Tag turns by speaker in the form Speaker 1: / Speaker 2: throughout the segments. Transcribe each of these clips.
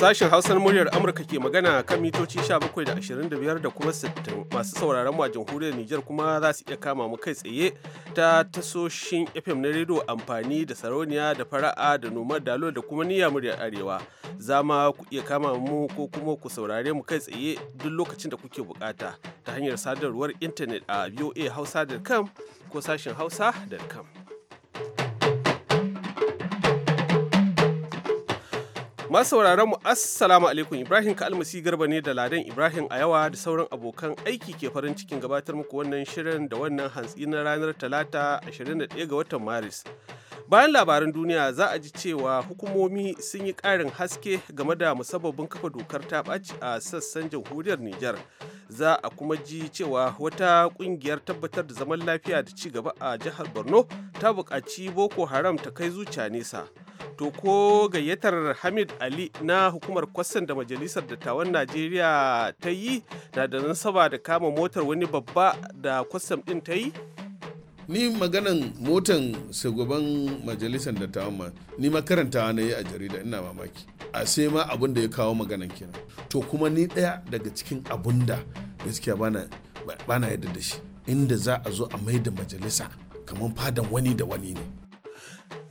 Speaker 1: Sashen Hausar muryar Amurka ke magana kan mitoci 17 da 25 da kuma 60 masu sauraron mu a jamhuriyar Nijar kuma za su iya kama mu kai tsaye ta tasoshin FM na rediyo amfani da sarauniya da fara'a da nomar dalo da kuma niyya muryar Arewa. Za ma ku iya kama mu ko kuma ku saurare mu kai tsaye duk lokacin da kuke bukata ta hanyar sadarwar intanet a voahausa.com ko sashen hausa.com. sauraron mu Assalamu alaikum Ibrahim Kalmasi Garba ne da Ladan Ibrahim a yawa da sauran abokan aiki ke farin cikin gabatar muku wannan shirin da wannan hantsi na ranar Talata 21 ga watan Maris. Bayan labaran duniya za a ji cewa hukumomi sun yi ƙarin haske game da musabbabin kafa dokar ta ɓaci a sassan jamhuriyar Nijar. Za a kuma ji cewa wata ƙungiyar tabbatar da zaman lafiya da ci gaba a jihar Borno ta buƙaci Boko Haram ta kai zuciya nesa. to ko gayyatar hamid ali na hukumar kwastan da majalisar dattawan najeriya ta yi na da nasaba da kama motar wani babba da kwastan din ta yi
Speaker 2: ni maganan motan shugaban majalisar dattawan ma ni makaranta na yi a jarida ina mamaki a sai ma abin da ya kawo maganan kenan to kuma ni daya daga cikin abun da gaskiya bana bana yadda da shi inda za a zo a mai da majalisa kamar fadan wani da wani ne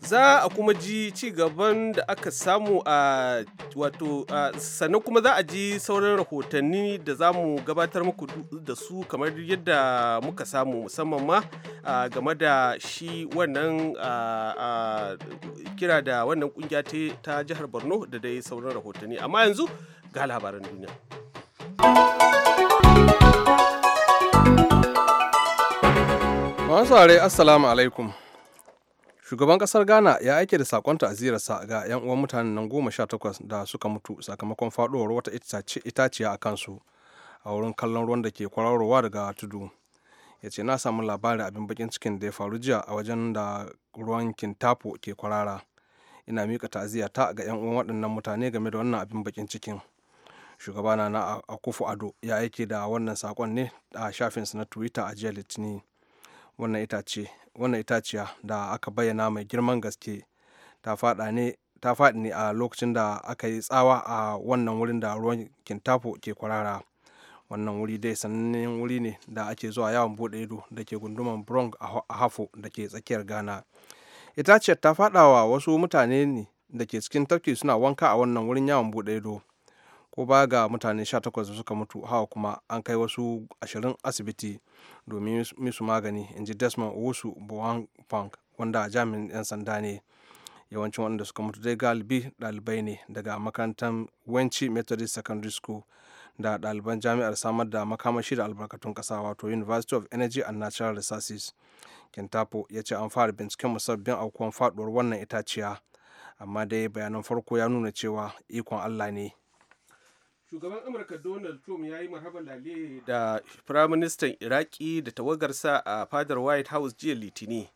Speaker 2: za a kuma ji ci
Speaker 1: gaban da aka samu a wato sannan kuma za a ji sauran rahotanni da za mu gabatar muku da su kamar yadda muka samu musamman ma game da shi wannan kira da wannan kungiya ta jihar borno da dai sauran rahotanni amma yanzu ga labaran duniya
Speaker 3: masu assalamu alaikum shugaban kasar ghana ya aike da sakon ta'azirarsa ga 'yan uwan mutanen nan goma sha takwas da suka mutu sakamakon faɗuwar wata itaciya a kansu a wurin kallon ruwan da ke kwararowa daga tudu ya ce na samu labarin abin bakin cikin da ya faru jiya a wajen da ruwan kintapo ke kwarara ina mika ta'aziyya ta ga 'yan uwan waɗannan mutane game da wannan abin bakin cikin shugaba na akufu ado ya aike da wannan sakon ne a shafinsa na twitter a jiya litinin wannan itaciya da aka bayyana mai girman gaske ta faɗi ne a lokacin da aka yi tsawa a wannan wurin da ruwan kintafo ke kwarara wannan wuri dai sannan wuri ne da ake zuwa yawon bude ido da ke gunduman bronx a hafo da ke tsakiyar ghana itaciyar ta faɗawa wasu mutane ne da ke cikin tafki suna wanka a wannan wurin yawon bude ido ko ba ga mutane 18 da suka mutu hawa kuma an kai wasu 20 asibiti domin misu magani in ji desmond owusu bowen punk wanda jami'in 'yan sanda ne yawancin wanda suka mutu dai galibi dalibai ne daga makarantar wenci methodist secondary school da ɗaliban jami'ar samar da makamashi da albarkatun ƙasa wato university of energy and natural resources kentapo ya ce an fara binciken musabbin aukuwan faɗuwar wannan itaciya amma dai bayanan farko ya nuna cewa ikon allah ne
Speaker 1: shugaban amurka donald trump ya yi lale da firaministan iraki da tawagarsa a fadar white house jiya litini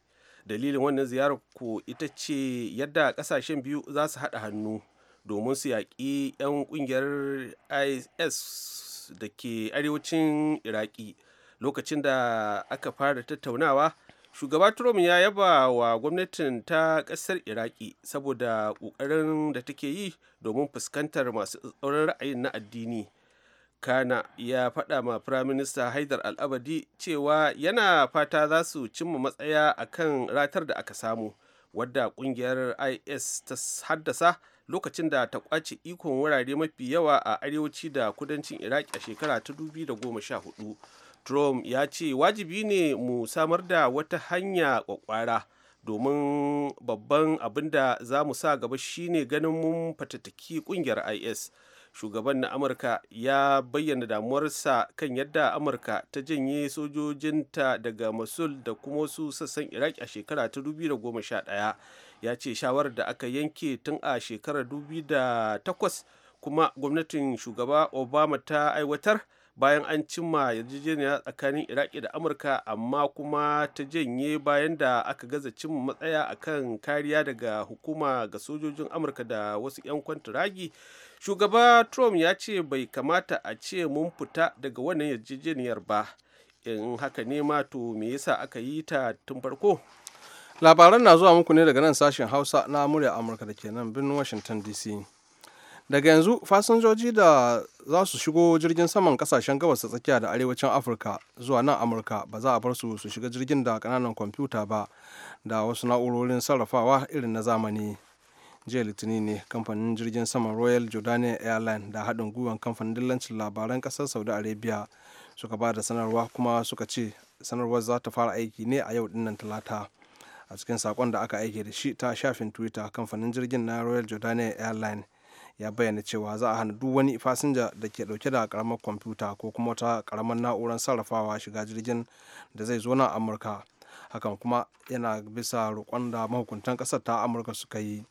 Speaker 1: dalilin wannan ziyarar ko ita ce yadda kasashen biyu za su haɗa hannu domin su yaƙi 'yan ƙungiyar is da ke arewacin iraki lokacin da aka fara tattaunawa shugaba trump ya yaba wa gwamnatin ta kasar iraki saboda ƙoƙarin da take yi domin fuskantar masu tsauran ra'ayin na addini kana ya faɗa ma firaminista haidar al'abadi cewa yana fata za su cimma matsaya a kan ratar da aka samu wadda kungiyar is ta haddasa lokacin da ta kwace ikon wurare mafi yawa a arewaci da kudancin iraki a shekara ta 2014 trump ya ce wajibi ne mu samar da wata hanya kwakwara domin babban abin da za mu sa gaba shine ganin mun fatattaki kungiyar is shugaban na amurka ya bayyana damuwarsa kan yadda amurka ta janye sojojinta daga masul da kuma wasu sassan iraq a shekara ta 2011 ya ce shawarar da aka yanke tun a shekarar 2008 kuma gwamnatin shugaba obama ta aiwatar bayan an cimma yarjejeniya tsakanin iraki da amurka amma kuma ta janye bayan da aka gaza cin matsaya akan kariya daga hukuma ga sojojin amurka da wasu 'yan kwantiragi shugaba trump ya ce bai kamata a ce mun fita daga wannan yarjejeniyar ba in haka ne ma to me yasa aka yi ta tun farko
Speaker 3: labaran na zuwa muku ne daga nan sashen hausa na murya amurka da ke nan birnin washington dc daga yanzu fasinjoji da za su shigo jirgin saman kasashen gabas ta tsakiya da arewacin afirka zuwa nan amurka ba za a bar su su shiga jirgin da kananan kwamfuta ba da wasu na'urorin sarrafawa irin na zamani jiya litinin ne kamfanin jirgin saman royal jordanian airline da haɗin gwiwan kamfanin dillancin labaran ƙasar saudi arabia suka ba da sanarwa kuma suka ce sanarwar za ta fara aiki ne a yau dinnan talata a cikin saƙon da aka aike da shi ta shafin twitter kamfanin jirgin na royal jordanian airline ya bayyana cewa za a hana duk wani fasinja da ke dauke da karamar kwamfuta ko kuma wata karamar na'urar sarrafawa shiga jirgin da zai zo na amurka hakan kuma yana bisa roƙon da mahukuntan ƙasar ta amurka suka yi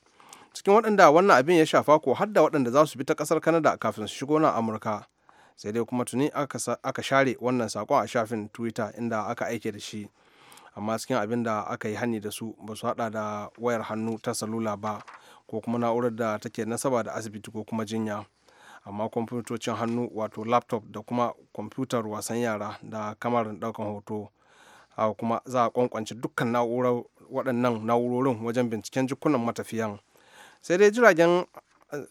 Speaker 3: cikin waɗanda wannan abin ya shafa ko har da waɗanda za su bi ta ƙasar kanada kafin su shigo na amurka sai dai kuma tuni aka share wannan saƙon a shafin twitter inda aka aike da shi amma cikin abin da aka yi hani da su ba su haɗa da wayar hannu ta salula ba ko kuma na'urar da take nasaba da asibiti ko kuma jinya amma kwamfutocin hannu wato laptop da kuma kwamfutar wasan yara da kamarin ɗaukan hoto a kuma za a kwankwance dukkan na'urar waɗannan na'urorin wajen binciken jikunan matafiyan sai dai jiragen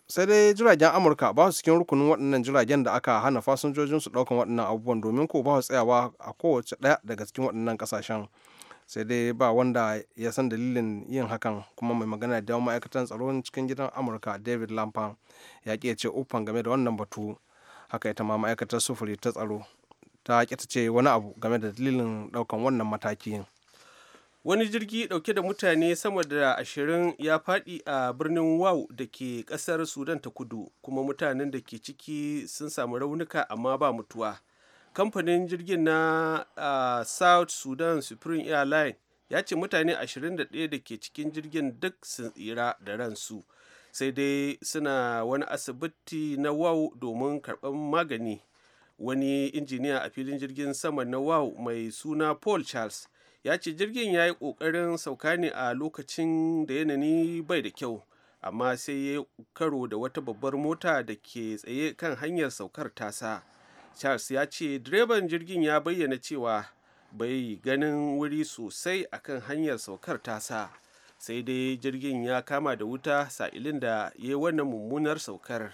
Speaker 3: sai dai jiragen amurka ba su cikin rukunin waɗannan jiragen da aka hana fasinjojin su ɗaukan waɗannan abubuwan domin ko ba su tsayawa a kowace ɗaya daga cikin waɗannan ƙasashen sai dai ba wanda ya san dalilin yin hakan kuma mai magana da ma'aikatan tsaron cikin gidan amurka david lampan ya ƙi ce ufan game da wannan batu haka ita ma ma'aikatar sufuri ta tsaro ta ƙi ce wani abu game da dalilin ɗaukan wannan mataki
Speaker 1: wani jirgi ɗauke da mutane sama da ashirin ya faɗi a birnin wau da ke ƙasar sudan ta kudu kuma mutanen da ke ciki sun samu raunuka amma ba mutuwa kamfanin jirgin na uh, south sudan supreme airline ya ce mutane 21 da ke cikin jirgin duk sun tsira da ransu sai dai suna wani asibiti na wau domin karban magani wani injiniya a filin jirgin sama na wau mai suna paul charles ya ce jirgin ya yi ƙoƙarin sauka ne a lokacin da yanayi bai da kyau amma sai ya karo da wata babbar mota da ke tsaye kan hanyar saukar tasa. charles ya ce direban jirgin ya bayyana cewa bai ganin wuri sosai akan hanyar saukar tasa sai dai jirgin ya kama da wuta sa'ilin da ya yi wannan mummunar saukar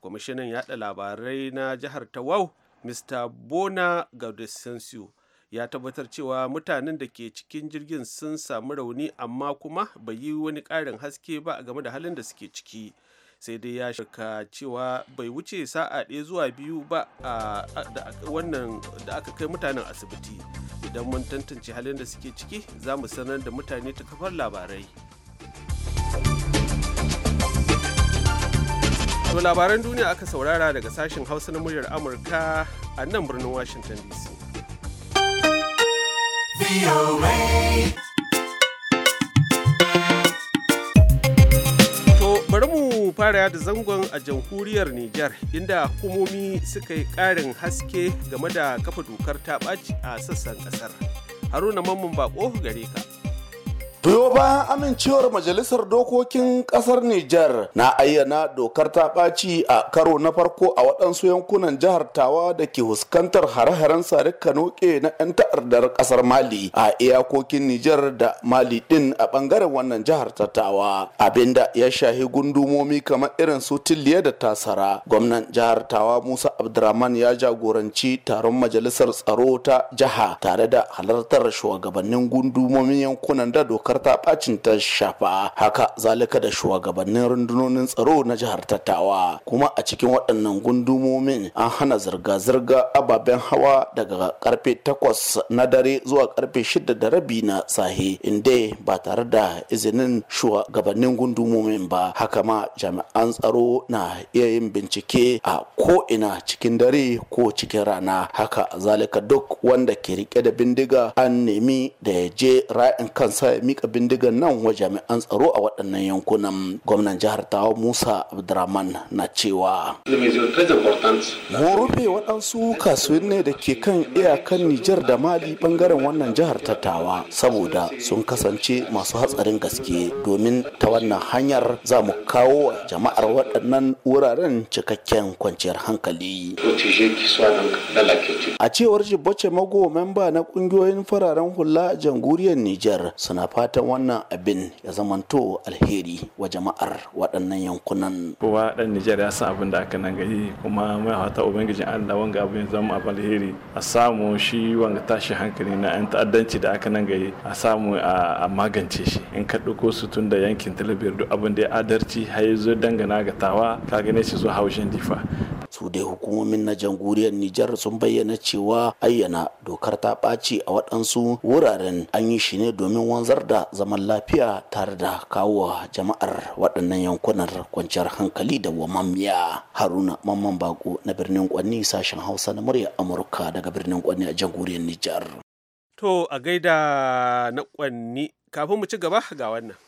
Speaker 1: kwamishinan yada labarai na jihar tawau mr bona gaudesensio ya tabbatar cewa mutanen da ke cikin jirgin sun samu rauni amma kuma bai yi wani ƙarin haske ba game da halin da suke ciki sai dai ya shirka cewa bai wuce sa'a ɗaya zuwa biyu ba wannan da aka kai mutanen asibiti idan mun tantance halin da suke ciki za mu sanar da mutane ta kafar labarai To labaran duniya aka saurara daga sashen hausa na muryar amurka a nan birnin washington dc an fara da zangon a jamhuriyar Nijar inda hukumomi suka yi ƙarin haske game da kafa dokar ta ɓaci a sassan ƙasar. Haruna Mamman Bako gare ka.
Speaker 4: biyo bayan amincewar majalisar dokokin kasar Nijar na ayyana dokar ta ɓaci a karo na farko a waɗansu yankunan jihar Tawa da ke huskantar hare-haren Sadiq Kanoke na 'yan ta'addar kasar Mali a iyakokin Nijar da Mali ɗin a ɓangaren wannan jihar ta Tawa abinda ya shahi gundumomi kamar irin su Tiliya da Tasara gwamnan jihar Tawa Musa Abdurrahman ya jagoranci taron majalisar tsaro ta jiha tare da halartar shugabannin gundumomin yankunan da dokar dokar ta bacin ta shafa haka zalika da shugabannin rundunonin tsaro na jihar tattawa kuma a cikin waɗannan gundumomin an hana zirga-zirga ababen hawa daga karfe 8 na dare zuwa karfe shida da rabi na sahi inda ba tare da izinin shugabannin gundumomin ba haka ma jami'an tsaro na iya yin bincike a ko ina cikin dare ko cikin rana haka zalika duk wanda ke rike da bindiga an nemi da ya je ra'in kansa ya mika bindigan nan wa jami'an tsaro a waɗannan yankunan gwamnan jihar tawa musa abdurrahman na cewa mun rufe waɗansu kasuwanni da ke kan iyakan nijar da mali ɓangaren wannan jihar ta tawa saboda sun kasance masu hatsarin gaske domin ta wannan hanyar za mu kawo wa jama'ar waɗannan wuraren cikakken kwanciyar hankali a cewar jibbace mago memba na ƙungiyoyin fararen hula jamhuriyar nijar suna fata fatan wannan abin ya zamanto alheri wa jama'ar
Speaker 2: waɗannan yankunan. Kowa ɗan Nijar ya san abin da aka nan gari kuma mai hata Ubangijin Allah wanga abin zama abin alheri a samu shi wanga tashi hankali na 'yan ta'addanci da aka nan gari a samu a magance shi in ka ɗauko su tun da yankin talabiyar duk abin da ya adarci har ya zo dangana ga tawa ka gane shi zo haushin difa su dai hukumomin na jamhuriyar
Speaker 4: nijar sun bayyana cewa ayyana dokar ta ɓaci a waɗansu wuraren an yi shi ne domin wanzar da zaman lafiya tare da kawo jama'ar waɗannan yankunan kwanciyar hankali da wamamiya haruna mamman bako na birnin kwanni sashen hausa na murya amurka daga birnin kwanni a jamhuriyar nijar
Speaker 1: to a gaida na kwanni kafin mu ci gaba ga wannan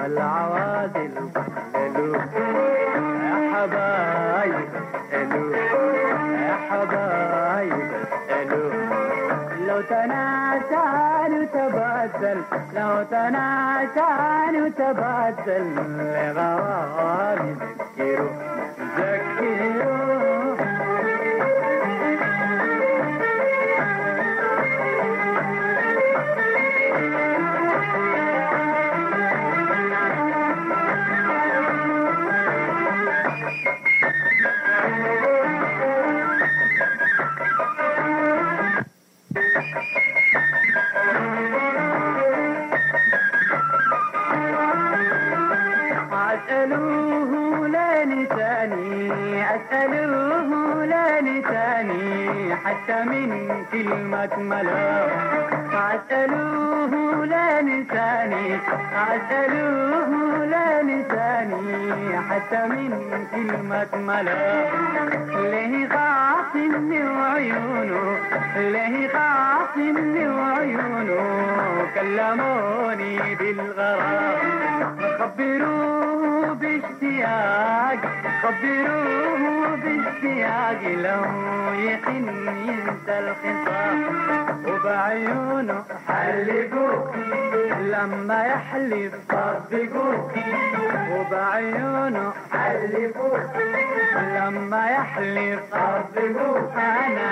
Speaker 5: ما العوازل الو يا حبايب الو يا حبايب الو لو تناسان وتبادل لو تناسان وتبادل لغوامي ذكروا على وعيونه كلموني بالغرام خبروه باشتياق خبروه يعقله يحن ينسى الخصام وبعيونه حلقوه لما يحلف طبقوه وبعيونه حلقوه لما يحلف طبقوه انا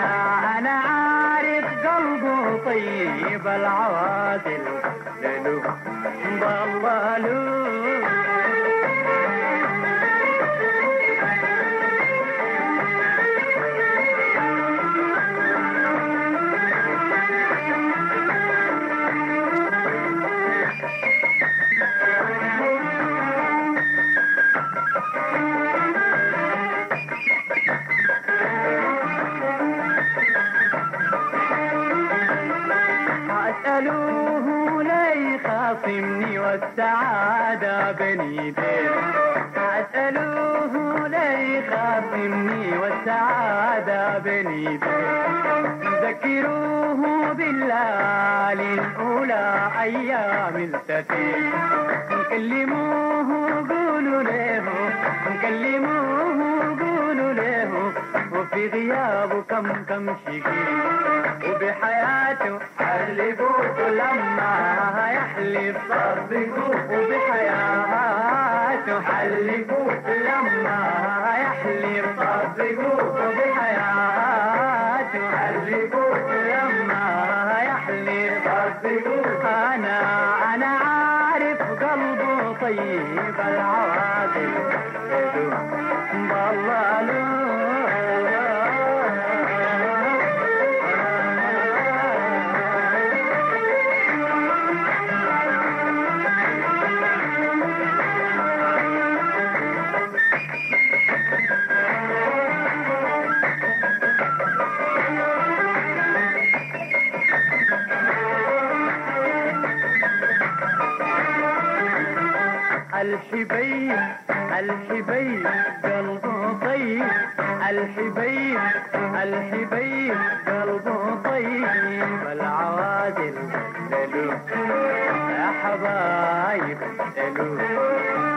Speaker 5: انا عارف قلبه طيب العوادل لالو بالله خاصمني والسعادة بنيتي أسألوه لا يخاصمني والسعادة بنيتي ذكروه بالليالي الأولى أيام التتي كلموه قولوا له كلموه وفي غيابه كم كم شقيق وبحياته قلبوه لما يحلف صدقوه وبحياته حلقوه لما يحلف صدقوه وبحياته حلقوه لما يحلف صدقوه أنا أنا عارف قلبه طيب العواطف والله حبيب قلبه طيب العوادل دلو يا حبايب دلو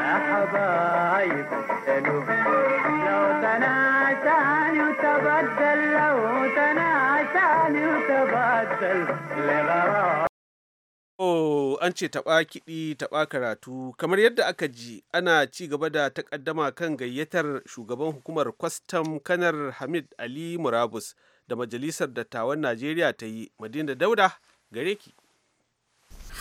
Speaker 5: يا حبايب دلو لو تناساني وتبدل لو تناساني وتبدل لغرام
Speaker 1: ce taɓa kiɗi taɓa karatu kamar yadda aka ji ana ci gaba da takaddama kan gayyatar shugaban hukumar kwastam kanar hamid ali murabus da majalisar dattawan najeriya ta yi madina dauda gare ki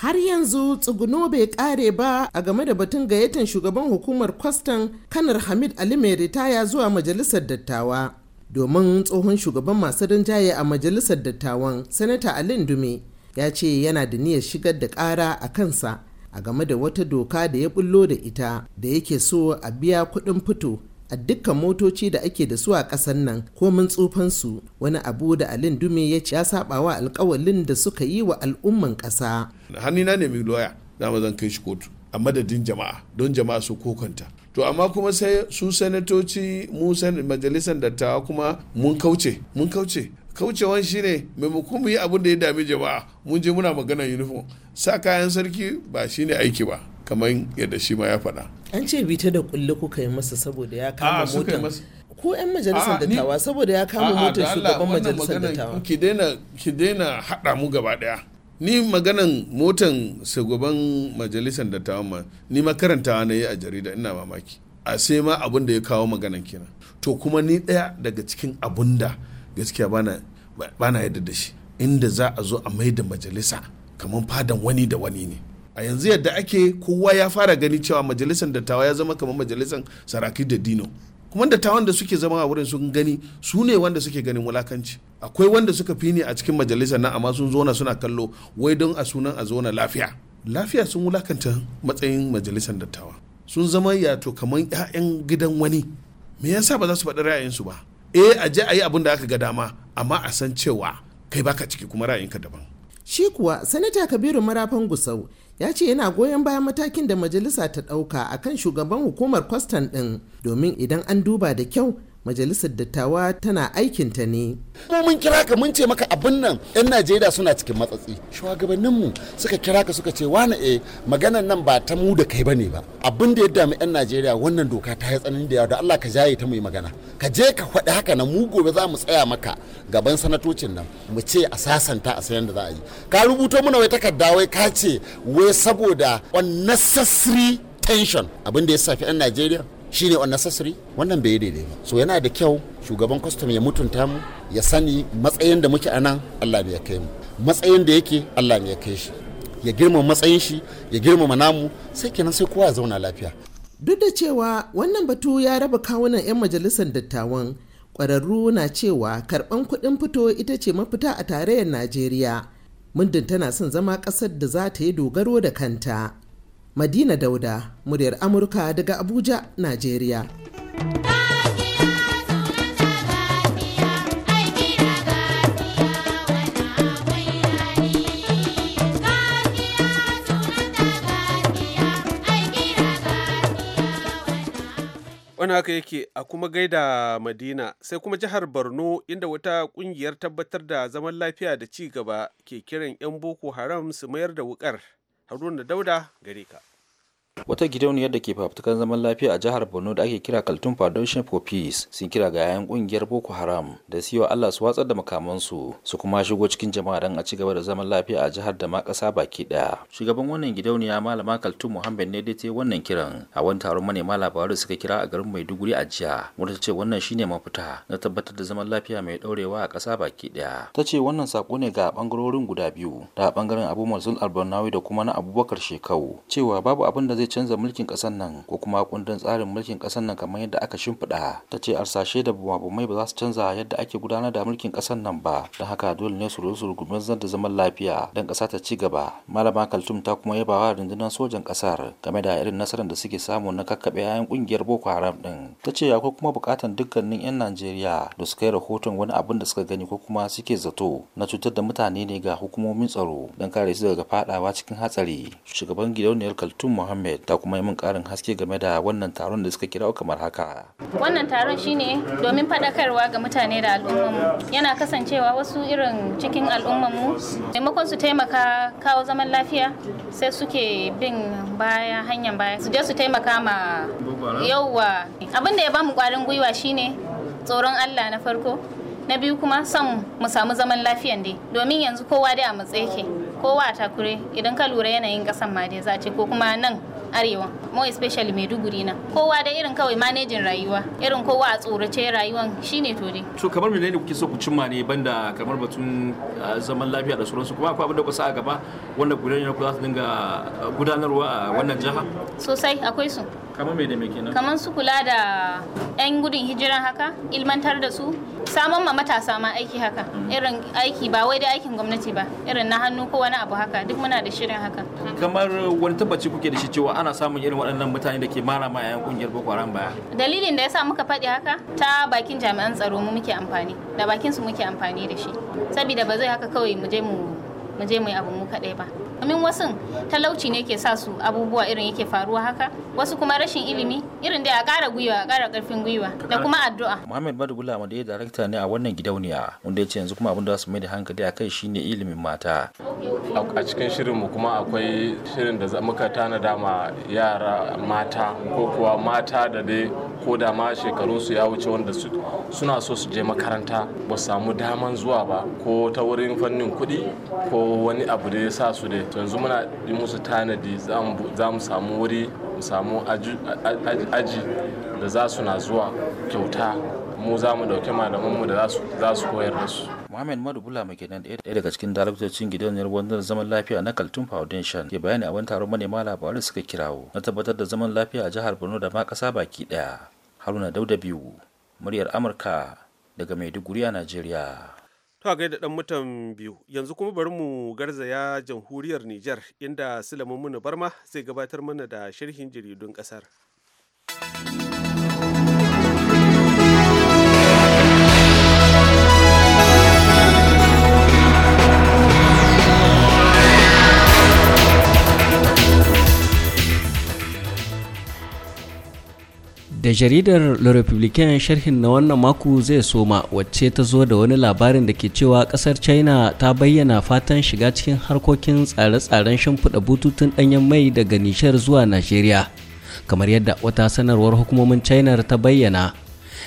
Speaker 6: har yanzu tsuguno bai kare ba a game da batun gayyatar shugaban hukumar kwastan kanar hamid ali mai ritaya zuwa majalisar dattawa domin tsohon shugaban masu rinjaye a majalisar dattawan sanata alin dume ya ce yana da niyyar shigar da ƙara a kansa a game da wata doka da ya bullo da ita da yake so a biya kuɗin fito a dukkan motoci da ake da su a ƙasar nan ko mun tsufansu wani abu da alin dume
Speaker 2: ya ce ya saba wa alkawalin da suka yi wa al'umman ƙasa. hannuna ne mai loya dama zan kai shi kotu a madadin jama'a don jama'a su kokanta to amma kuma sai su sanatoci mu majalisar dattawa kuma mun kauce mun kauce kaucewan shine maimakon mu yi abin da ya dami jama'a mun je muna magana uniform sa kayan sarki ba shine aiki ba kamar yadda shi ma ya faɗa an
Speaker 6: ce bita da kulle kuka yi masa saboda ya kama motar
Speaker 2: ko 'yan majalisar dattawa saboda ya kama motar shugaban majalisar dattawa ki daina ki daina haɗa mu gaba ɗaya ni maganan motan shugaban majalisar dattawan ma ni makaranta na yi a jarida ina mamaki a sai ma abin da ya kawo maganan kenan to kuma ni ɗaya daga cikin abun da gaskiya ba na yadda da shi inda za a zo a mai da majalisa kamar fadan wani da wani ne a yanzu yadda ake kowa ya fara gani cewa majalisar dattawa ya zama kamar majalisar saraki da dino kuma dattawan da suke zama a wurin sun gani su ne wanda suke ganin wulakanci akwai wanda suka fi ni a cikin majalisa na amma sun zona suna kallo wai don a sunan a zona lafiya lafiya sun wulakanta matsayin majalisar dattawa sun zama yato kamar 'ya'yan gidan wani me yasa ba za su faɗi ra'ayin su ba eh a je a yi abin da aka ga dama amma a san cewa kai baka ciki kuma ra'ayinka daban
Speaker 6: Shi kuwa Sanata Kabiru Marafan Gusau ya ce yana goyon bayan matakin da majalisa ta ɗauka akan shugaban hukumar kwastan ɗin domin idan an duba da kyau majalisar dattawa tana aikinta ne.
Speaker 4: mu mun kira ka mun ce maka abin nan 'yan najeriya suna cikin matsatsi shugabanninmu suka kira ka suka ce wani e eh, maganan nan ba ta mu da kai bane ba abin da ya dami 'yan najeriya wannan doka ta yi tsanani da yawa da allah ka jaye ta mu magana ka je ka faɗi haka na mu gobe za mu tsaya maka gaban sanatocin nan mu ce a sasanta a sayan da za a yi ka rubuto mana wai takarda wai ka ce wai saboda unnecessary tension abin da ya safi 'yan najeriya shine unnecessary wannan bai daidai ba so yana da kyau shugaban kwastam ya mutunta mu ya sani matsayin da muke anan Allah ya kai mu matsayin da yake Allah ne ya kai shi ya girmama matsayin shi ya girmama namu sai kenan sai kowa ya zauna lafiya
Speaker 6: duk da cewa wannan batu ya raba kawunan 'yan majalisar dattawan kwararru na cewa karban kuɗin fito ita ce mafita a tarayyar najeriya mundin tana son zama ƙasar da za ta yi dogaro da kanta Madina Dauda, muryar Amurka daga Abuja, Najeriya.
Speaker 1: wani haka yake a kuma gaida madina sai kuma jihar borno inda wata kungiyar tabbatar da zaman lafiya da ci gaba ke kiran 'yan boko haram su mayar da wukar haruna dauda gare ka
Speaker 7: wata gidauniyar da ke fafutukan zaman lafiya a jihar borno da ake kira kaltun foundation for peace sun kira ga yayan kungiyar boko haram da siyo allah su watsar da makamansu su kuma shigo cikin jama'a don a ci gaba da zaman lafiya a jihar da ma kasa baki daya shugaban wannan gidauniya malama kaltun muhammad ne dai ta wannan kiran a wani taron manema labarai suka kira a garin maiduguri a jiya wata ce wannan shine mafita na tabbatar da zaman lafiya mai daurewa a kasa baki daya ta ce wannan sako ne ga bangarorin guda biyu da bangaren abu da kuma na abubakar shekau cewa babu abin da zai canza mulkin kasar nan ko kuma kundin tsarin mulkin kasar nan kamar yadda aka shimfiɗa ta ce arsashe da bumabumai ba za su canza yadda ake gudanar da mulkin kasar nan ba don haka dole ne su rusu rugumin zan da zaman lafiya don ƙasa ta ci gaba malama kaltum ta kuma yabawa rundunar sojan ƙasar game da irin nasarar da suke samu na kakkaɓe yayan ƙungiyar boko haram ɗin ta ce akwai kuma buƙatar dukkanin 'yan najeriya da su kai rahoton wani abin da suka gani ko kuma suke zato na cutar da mutane ne ga hukumomin tsaro don kare su daga faɗawa cikin hatsari shugaban gidauniyar kaltum muhammad Ahmed ta kuma yi min karin haske game da wannan taron da suka kira kamar haka.
Speaker 8: Wannan taron shine domin faɗakarwa ga mutane da mu Yana kasancewa wasu irin cikin mu maimakon su taimaka kawo zaman lafiya sai suke bin baya hanyar baya su je su taimaka ma yauwa abin da ya bamu kwarin gwiwa shine tsoron Allah na farko na biyu kuma son mu samu zaman lafiyan dai domin yanzu kowa dai a matsayi kowa a takure idan ka lura yanayin kasan ma dai za ce ko kuma nan arewa more especially maiduguri na kowa da irin kawai manejin rayuwa irin kowa a tsorace rayuwan shine to dai
Speaker 7: to kamar menene kuke so ku cimma ne banda kamar batun zaman lafiya da sauransu kuma akwai abin da ku sa a gaba wanda gudanar ku za su dinga gudanarwa a wannan jiha
Speaker 8: sosai akwai su
Speaker 7: kamar me da me kenan kamar
Speaker 8: su kula da yan gudun hijiran haka ilmantar da su samun ma matasa ma aiki haka mm-hmm. irin aiki ba wai da aikin gwamnati ba irin na hannu ko wani abu haka duk muna da shirin haka
Speaker 7: kamar wani tabbaci kuke da shi cewa ana samun irin waɗannan mutane da ke mara ma yayan kungiyar boko haram baya
Speaker 8: dalilin da yasa muka faɗi haka ta bakin jami'an tsaro mu muke amfani da bakin su muke amfani da shi saboda ba zai haka kawai mu je mu mu je mu yi abu mu kaɗai ba domin wasu talauci ne ke sa su abubuwa irin yake faruwa haka wasu kuma rashin ilimi irin dai a kara gwiwa a kara karfin gwiwa da kuma addu'a
Speaker 7: Muhammad Badugula wanda ya darakta ne a wannan gidauniya wanda ya ce yanzu kuma abin da su mai da hankali a kai shine ilimin mata a cikin shirin mu kuma akwai shirin da muka
Speaker 6: tanada ma yara mata ko kuwa mata da dai ko da ma shekarunsu ya wuce wanda suna so su je makaranta ba samu daman zuwa ba ko ta wurin fannin kuɗi ko wani abu da ya sa su dai yanzu muna yi musu tanadi za mu samu wuri mu samu aji da za su na zuwa
Speaker 7: kyauta mu za mu ɗauki malamanmu da za su koyar da su Bula mai kenan ɗaya daga cikin gidan gidauniyar wanzar zaman lafiya na Kaltun Foundation ke bayani a wani taron manema labarai suka kirawo na tabbatar da zaman lafiya a jihar Borno da ma ƙasa baki ɗaya. Haruna Dauda biyu muryar Amurka daga Maiduguri a Najeriya.
Speaker 1: To a gaida ɗan mutan biyu yanzu kuma bari mu garzaya jamhuriyar Nijar inda Sulaiman Munu Barma zai gabatar mana da sharhin jaridun ƙasar.
Speaker 9: Da jaridar Le Republican sharhin na wannan mako zai soma wacce ta zo da wani labarin da ke cewa kasar China ta bayyana fatan shiga cikin harkokin tsare-tsaren shimfiɗa bututun ɗanyen mai daga Nishar zuwa Najeriya. Kamar yadda wata sanarwar hukumomin China ta bayyana.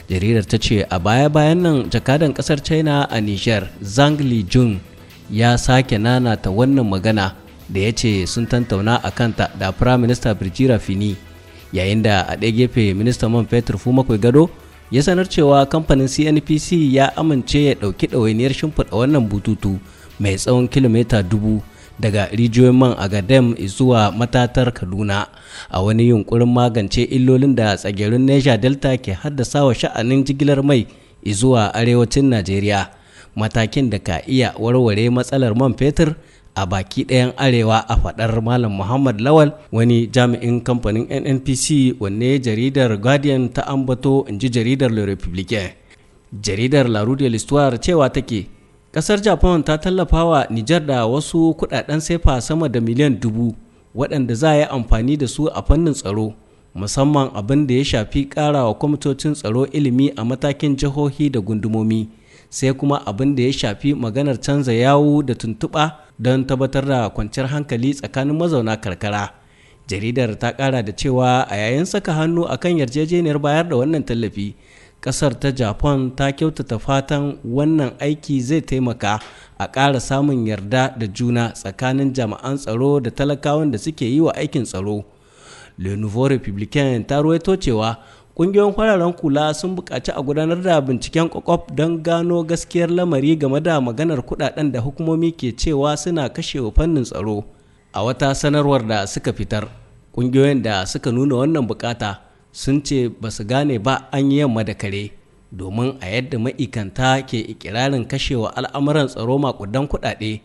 Speaker 9: Jaridar ta ce a baya-bayan nan jakadan kasar China a Nijar Zhang Lijun ya sake nana ta wannan magana da ya ce sun tantauna a kanta da Firaminista Birjira Fini. yayin da a ɗaya gefe Minista man fetur makwai gado ya sanar cewa kamfanin cnpc ya amince ya ɗauki ɗawainiyar shimfiɗa wannan bututu mai tsawon kilomita dubu daga rijiyoyin man gadem zuwa matatar kaduna a wani yunkurin magance illolin da tsagerin neja delta ke haddasa wa sha'anin jigilar mai zuwa arewacin najeriya matakin da ka iya warware matsalar man fetur a baki ɗayan arewa a faɗar malam muhammad lawal wani jami'in kamfanin nnpc wanne jaridar guardian ta ambato in ji jaridar le republicain jaridar la rue de l'histoire cewa take ƙasar japan ta tallafa wa nijar da wasu kudaden sefa sama da miliyan dubu waɗanda za a yi amfani da su a fannin tsaro musamman abin da ya shafi ƙara wa kwamitocin tsaro ilimi a matakin jihohi da gundumomi sai kuma abin da ya shafi maganar canza yawo da tuntuɓa don tabbatar da kwanciyar hankali tsakanin mazauna karkara jaridar ta kara da cewa a yayin saka hannu akan yarjejeniyar bayar da wannan tallafi kasar ta japan ta kyautata fatan wannan aiki zai taimaka a ƙara samun yarda da juna tsakanin jami'an tsaro da talakawan da suke yi wa aikin tsaro le nouveau republicain ta ruwaito cewa kungiyoyin fararen kula sun buƙaci a gudanar da binciken kwakwaf don gano gaskiyar lamari game da maganar kudaden da hukumomi ke cewa suna kashewa fannin tsaro a wata sanarwar da suka fitar kungiyoyin da suka nuna wannan bukata sun ce ba su gane ba an yi yamma da kare domin a yadda ma'ikanta ke ikirarin kashewa al'amuran tsaro makudan kuɗaɗe,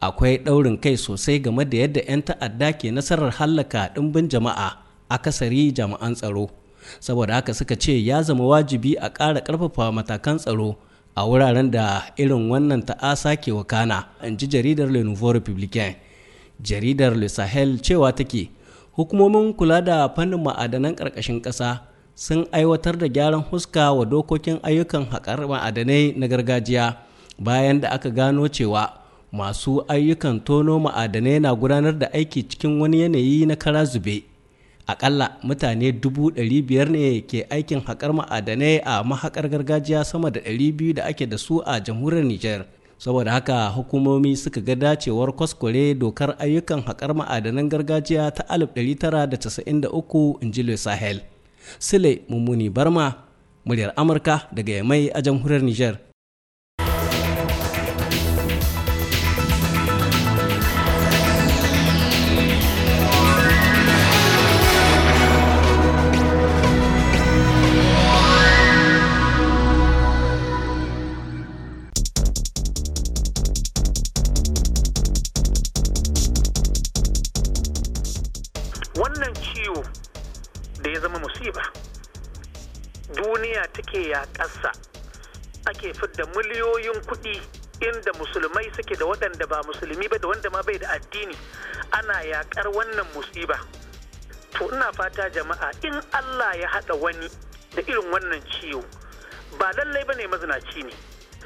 Speaker 9: akwai ɗaurin kai sosai game da yadda 'yan ta'adda ke nasarar hallaka ɗimbin jama'a akasari jami'an tsaro saboda haka suka ce ya zama wajibi a ƙara ƙarfafa matakan tsaro a wuraren da irin wannan ta'asa ke wakana in ji jaridar le nouveau republicain jaridar le sahel cewa take hukumomin kula da fannin ma'adanan ƙarƙashin ƙasa sun aiwatar da gyaran huska wa dokokin ayyukan haƙar ma'adanai na gargajiya bayan da aka gano cewa masu ayyukan tono ma'adanai na gudanar da aiki cikin wani yanayi na kara zube akalla mutane dubu ɗari biyar ne ke aikin haƙar ma'adanai a mahaƙar gargajiya sama da ɗari biyu da ake da su a jamhuriyar Nijar. Saboda haka hukumomi suka ga dacewar kwaskware dokar ayyukan haƙar ma'adanan gargajiya ta 1993 in ji Sahel. sile Mummuni Barma, muryar Amurka daga Yamai a jamhuriyar Nijar.
Speaker 10: wannan ciwo da ya zama musiba duniya take ya ƙasa ake fidda miliyoyin kuɗi inda musulmai suke da waɗanda ba musulmi ba da wanda ma bai da addini ana yaƙar wannan musiba to ina fata jama'a in Allah ya haɗa wani da irin wannan ciwo ba lallai ba ne mazinaci ne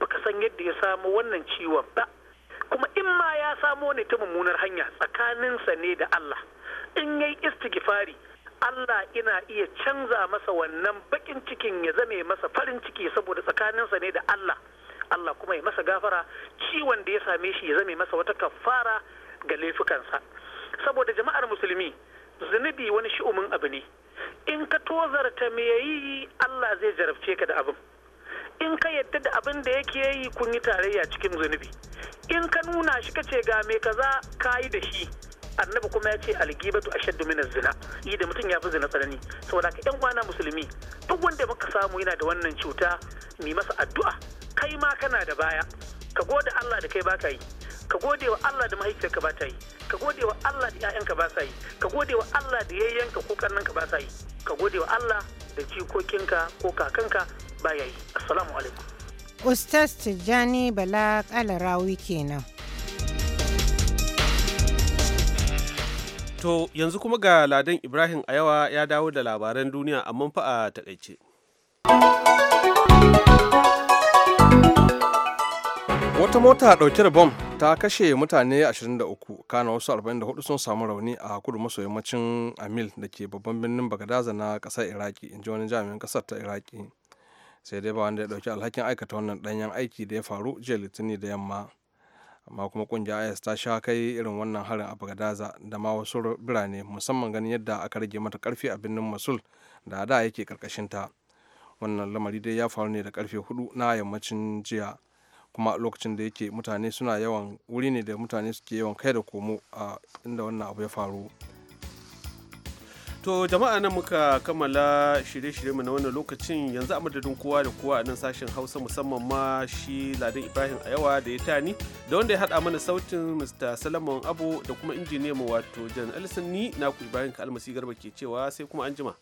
Speaker 10: baka san yadda ya samu wannan ciwon ba kuma in ma ya samo ne ta mummunar hanya tsakaninsa ne da Allah in yayi istighfari Allah ina iya canza masa wannan bakin cikin ya zame masa farin ciki saboda tsakaninsa ne da Allah Allah kuma ya masa gafara ciwon da ya same shi ya zame masa wata kafara ga laifukansa saboda jama'ar musulmi zunubi wani shi'umin abu ne in ka tozarta me yayi Allah zai jarabce ka da abin in ka yadda da abin da yake yi kun yi tarayya cikin zunubi in ka nuna shi ka ce ga me kaza ka yi da shi annabi kuma ya ce algibatu ashaddu min zina yi da mutum ya fi zina tsanani saboda ka yan kwana musulmi duk wanda muka samu yana da wannan cuta mi masa addu'a kai ma kana da baya ka gode Allah da kai baka yi ka gode wa Allah da mahaifiyarka ba ta yi ka gode wa Allah da 'ya'yanka ba sa yi ka gode wa Allah da yayyanka ko karnanka ba sa yi ka gode wa Allah da jikokinka ko kakanka
Speaker 8: ustaz tijjani bala kalarawi kenan
Speaker 1: to yanzu kuma ga ladan ibrahim a yawa ya dawo da labaran duniya amma fa a takaice
Speaker 3: wata mota dauke da bom ta kashe mutane 23 kana wasu 44 sun samu rauni a kudu maso yammacin amil da ke babban birnin bagadaza na kasar iraki in ji wani jami'in kasar ta iraki sai dai ba wanda ya dauki alhakin aikata wannan danyen aiki da ya faru jiya litini da yamma amma kuma kungiyar is ta sha kai irin wannan harin a bagadaza da ma wasu birane musamman ganin yadda aka rage mata karfi a birnin masul da da yake karkashinta wannan lamari dai ya faru ne da karfe hudu na yammacin jiya kuma lokacin da yake mutane suna yawan wuri ne da mutane suke yawan kai da komo a inda wannan abu ya faru
Speaker 1: To jama'a nan muka kammala shirye-shiryenmu na wannan lokacin yanzu a madadin kowa da kowa a nan sashen Hausa musamman ma shi Ladan Ibrahim Ayawa da ya tani da wanda ya haɗa mana sautin Mr. Salaman Abu da kuma mu wato Jan Alison ni naku Ibrahim almasi Garba ke cewa sai kuma anjima.